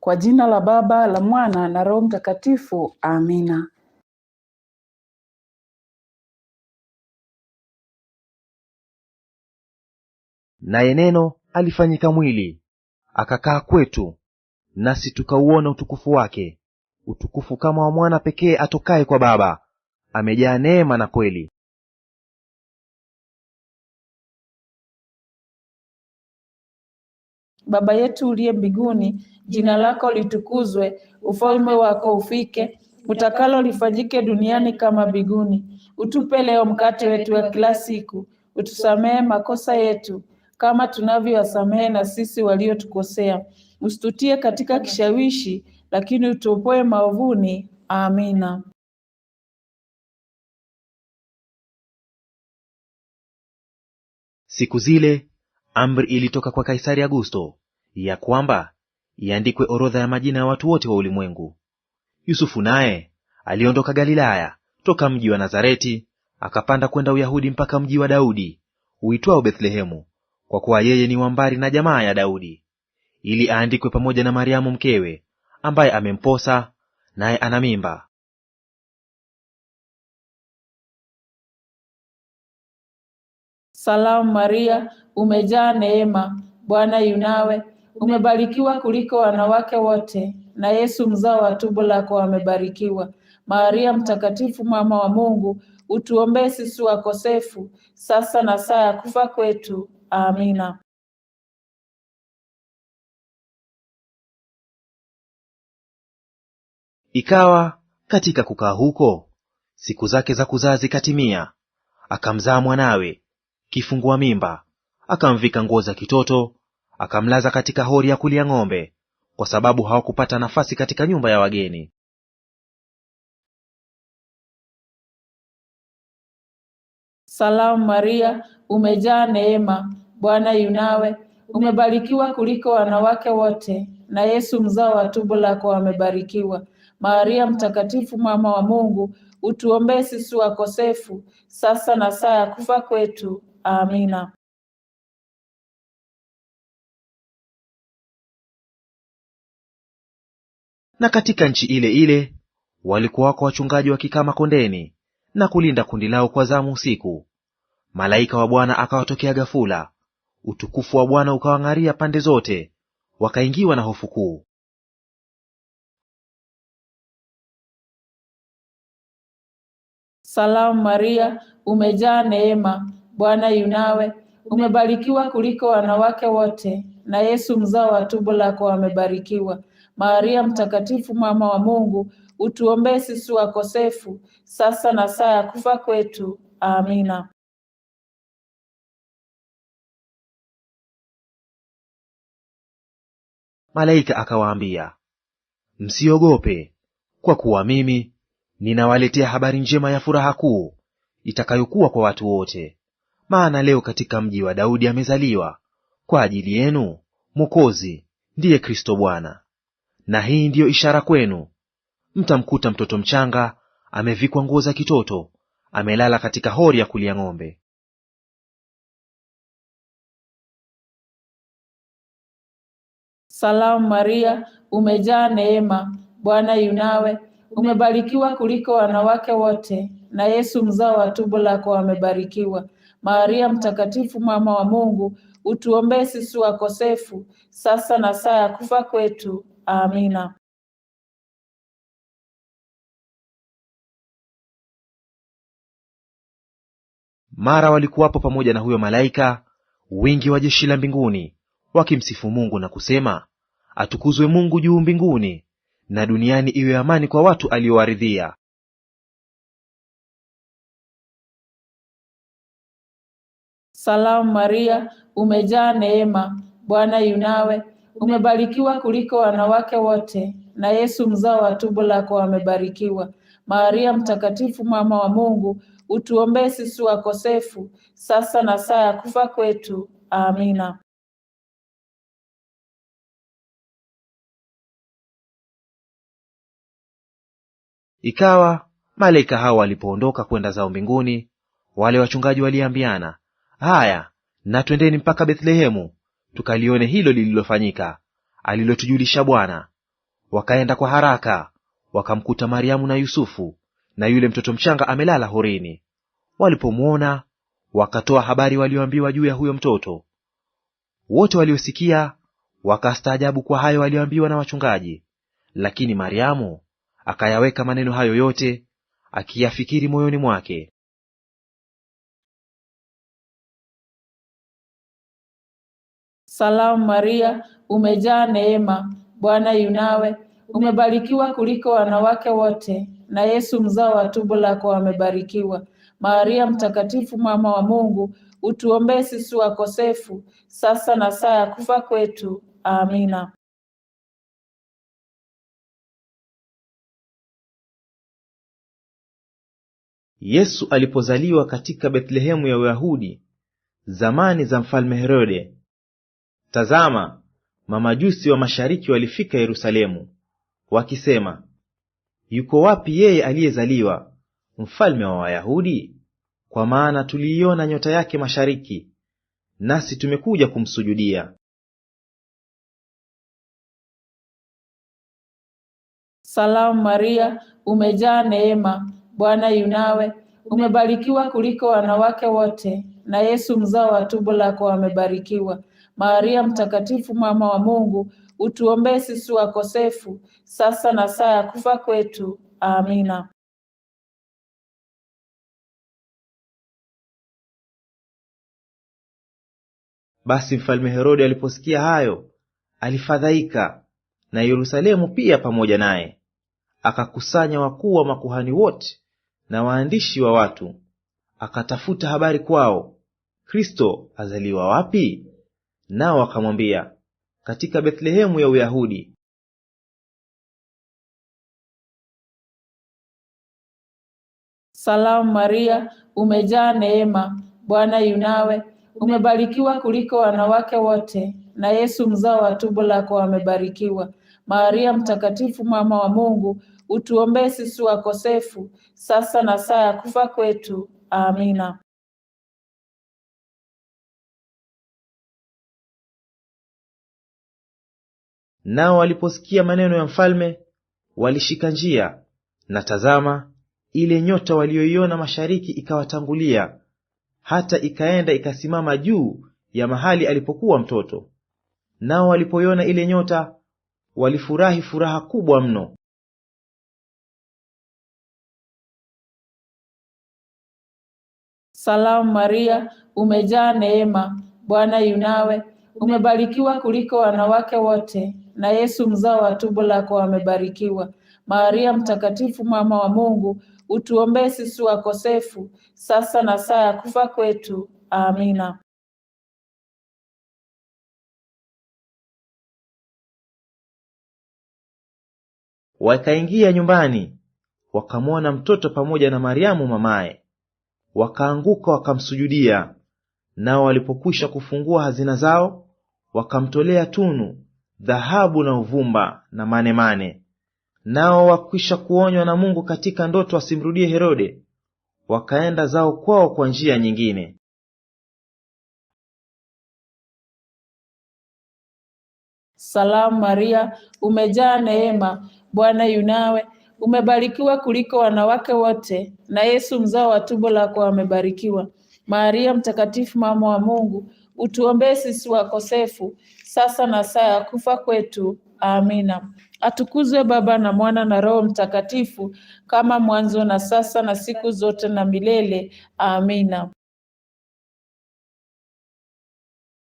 Kwa jina la Baba la Mwana na Roho Mtakatifu, amina. Naye Neno alifanyika mwili akakaa kwetu, nasi tukauona utukufu wake, utukufu kama wa mwana pekee atokaye kwa Baba, amejaa neema na kweli. Baba yetu uliye mbinguni, jina lako litukuzwe, ufalme wako ufike, utakalo lifanyike duniani kama mbinguni. Utupe leo mkate wetu wa kila siku, utusamehe makosa yetu kama tunavyowasamehe na sisi waliotukosea, usitutie katika kishawishi, lakini utuopoe maovuni. Amina. Siku zile amri ilitoka kwa Kaisari Augusto ya kwamba iandikwe orodha ya majina ya watu wote wa ulimwengu. Yusufu naye aliondoka Galilaya toka mji wa Nazareti akapanda kwenda Uyahudi mpaka mji wa Daudi uitwao Bethlehemu, kwa kuwa yeye ni wambari na jamaa ya Daudi, ili aandikwe pamoja na Mariamu mkewe, ambaye amemposa naye ana mimba. Salamu Maria, umejaa neema, Bwana yunawe, umebarikiwa kuliko wanawake wote, na Yesu mzao wa tumbo lako amebarikiwa. Maria Mtakatifu, mama wa Mungu, utuombee sisi wakosefu, sasa na saa ya kufa kwetu. Amina. Ikawa katika kukaa huko siku zake za kuzaa zikatimia, akamzaa mwanawe kifungua mimba, akamvika nguo za kitoto, akamlaza katika hori ya kulia ng'ombe, kwa sababu hawakupata nafasi katika nyumba ya wageni. Salamu Maria, umejaa neema, Bwana yunawe umebarikiwa kuliko wanawake wote, na Yesu mzao wa tumbo lako amebarikiwa. Maria mtakatifu, mama wa Mungu, utuombee sisi wakosefu, sasa na saa ya kufa kwetu. Amina. Na katika nchi ile ile walikuwako wachungaji wakikama kondeni na kulinda kundi lao kwa zamu usiku. Malaika wa Bwana akawatokea ghafula, utukufu wa Bwana ukawang'aria pande zote, wakaingiwa na hofu kuu. Salamu Maria, umejaa neema, Bwana yunawe, umebarikiwa kuliko wanawake wote, na Yesu mzao wa tumbo lako amebarikiwa. Maria Mtakatifu, mama wa Mungu, utuombee sisi wakosefu, sasa na saa ya kufa kwetu. Amina. Malaika akawaambia, msiogope, kwa kuwa mimi ninawaletea habari njema ya furaha kuu itakayokuwa kwa watu wote. Maana leo katika mji wa Daudi amezaliwa kwa ajili yenu Mwokozi, ndiye Kristo Bwana. Na hii ndiyo ishara kwenu, mtamkuta mtoto mchanga amevikwa nguo za kitoto, amelala katika hori ya kulia ng'ombe. Salamu Maria, umejaa neema, Bwana yunawe, umebarikiwa kuliko wanawake wote, na Yesu mzao wa tumbo lako amebarikiwa. Maria Mtakatifu, mama wa Mungu, utuombee sisi wakosefu, sasa na saa ya kufa kwetu. Amina. Mara walikuwapo pamoja na huyo malaika wingi wa jeshi la mbinguni, wakimsifu Mungu na kusema, atukuzwe Mungu juu mbinguni, na duniani iwe amani kwa watu aliowaridhia. Salamu Maria, umejaa neema, Bwana yunawe, umebarikiwa kuliko wanawake wote, na Yesu mzao wa tumbo lako amebarikiwa. Maria Mtakatifu, mama wa Mungu, utuombee sisi wakosefu, sasa na saa ya kufa kwetu. Amina. Ikawa malaika hao walipoondoka kwenda zao mbinguni, wale wachungaji waliambiana Haya, na twendeni mpaka Bethlehemu, tukalione hilo lililofanyika, alilotujulisha Bwana. Wakaenda kwa haraka, wakamkuta Mariamu na Yusufu na yule mtoto mchanga amelala horini. Walipomwona wakatoa habari walioambiwa juu ya huyo mtoto. Wote waliosikia wakastaajabu kwa hayo walioambiwa na wachungaji. Lakini Mariamu akayaweka maneno hayo yote akiyafikiri moyoni mwake. Salamu Maria, umejaa neema, Bwana yunawe, umebarikiwa kuliko wanawake wote, na Yesu mzao wa tumbo lako amebarikiwa. Maria Mtakatifu, mama wa Mungu, utuombee sisi wakosefu, sasa na saa ya kufa kwetu. Amina. Yesu alipozaliwa katika Bethlehemu ya Uyahudi zamani za mfalme Herode, Tazama, mamajusi wa mashariki walifika Yerusalemu wakisema, yuko wapi yeye aliyezaliwa mfalme wa Wayahudi? Kwa maana tuliiona nyota yake mashariki, nasi tumekuja kumsujudia. Salamu Maria, umejaa neema, Bwana yunawe, umebarikiwa kuliko wanawake wote, na Yesu mzao wa tumbo lako amebarikiwa. Maria Mtakatifu, mama wa Mungu, utuombee sisi wakosefu, sasa na saa ya kufa kwetu. Amina. Basi mfalme Herode aliposikia hayo, alifadhaika, na Yerusalemu pia pamoja naye. Akakusanya wakuu wa makuhani wote na waandishi wa watu, akatafuta habari kwao, Kristo azaliwa wapi? Nao wakamwambia, katika Bethlehemu ya Uyahudi, Salamu Maria, umejaa neema, Bwana yunawe, umebarikiwa kuliko wanawake wote, na Yesu mzao wa tumbo lako amebarikiwa. Maria Mtakatifu, mama wa Mungu, utuombee sisi wakosefu, sasa na saa ya kufa kwetu. Amina. Nao waliposikia maneno ya mfalme walishika njia, na tazama, ile nyota waliyoiona mashariki ikawatangulia, hata ikaenda ikasimama juu ya mahali alipokuwa mtoto. Nao walipoiona ile nyota walifurahi furaha kubwa mno. Salamu Maria, umejaa neema, Bwana yunawe, umebarikiwa kuliko wanawake wote na Yesu mzao wa tumbo lako amebarikiwa. Maria Mtakatifu, mama wa Mungu, utuombee sisi wakosefu, sasa na saa ya kufa kwetu. Amina. Wakaingia nyumbani, wakamwona mtoto pamoja na Mariamu mamaye, wakaanguka wakamsujudia. Nao walipokwisha kufungua hazina zao, wakamtolea tunu dhahabu na uvumba na manemane. Nao wakwisha kuonywa na Mungu katika ndoto asimrudie Herode, wakaenda zao kwao kwa njia nyingine. Salamu Maria, umejaa neema, Bwana yunawe umebarikiwa kuliko wanawake wote, na Yesu mzao wa tumbo lako amebarikiwa. Maria Mtakatifu, mama wa Mungu, utuombee sisi wakosefu, sasa na saa ya kufa kwetu. Amina. Atukuzwe Baba na Mwana na Roho Mtakatifu, kama mwanzo na sasa na siku zote na milele. Amina.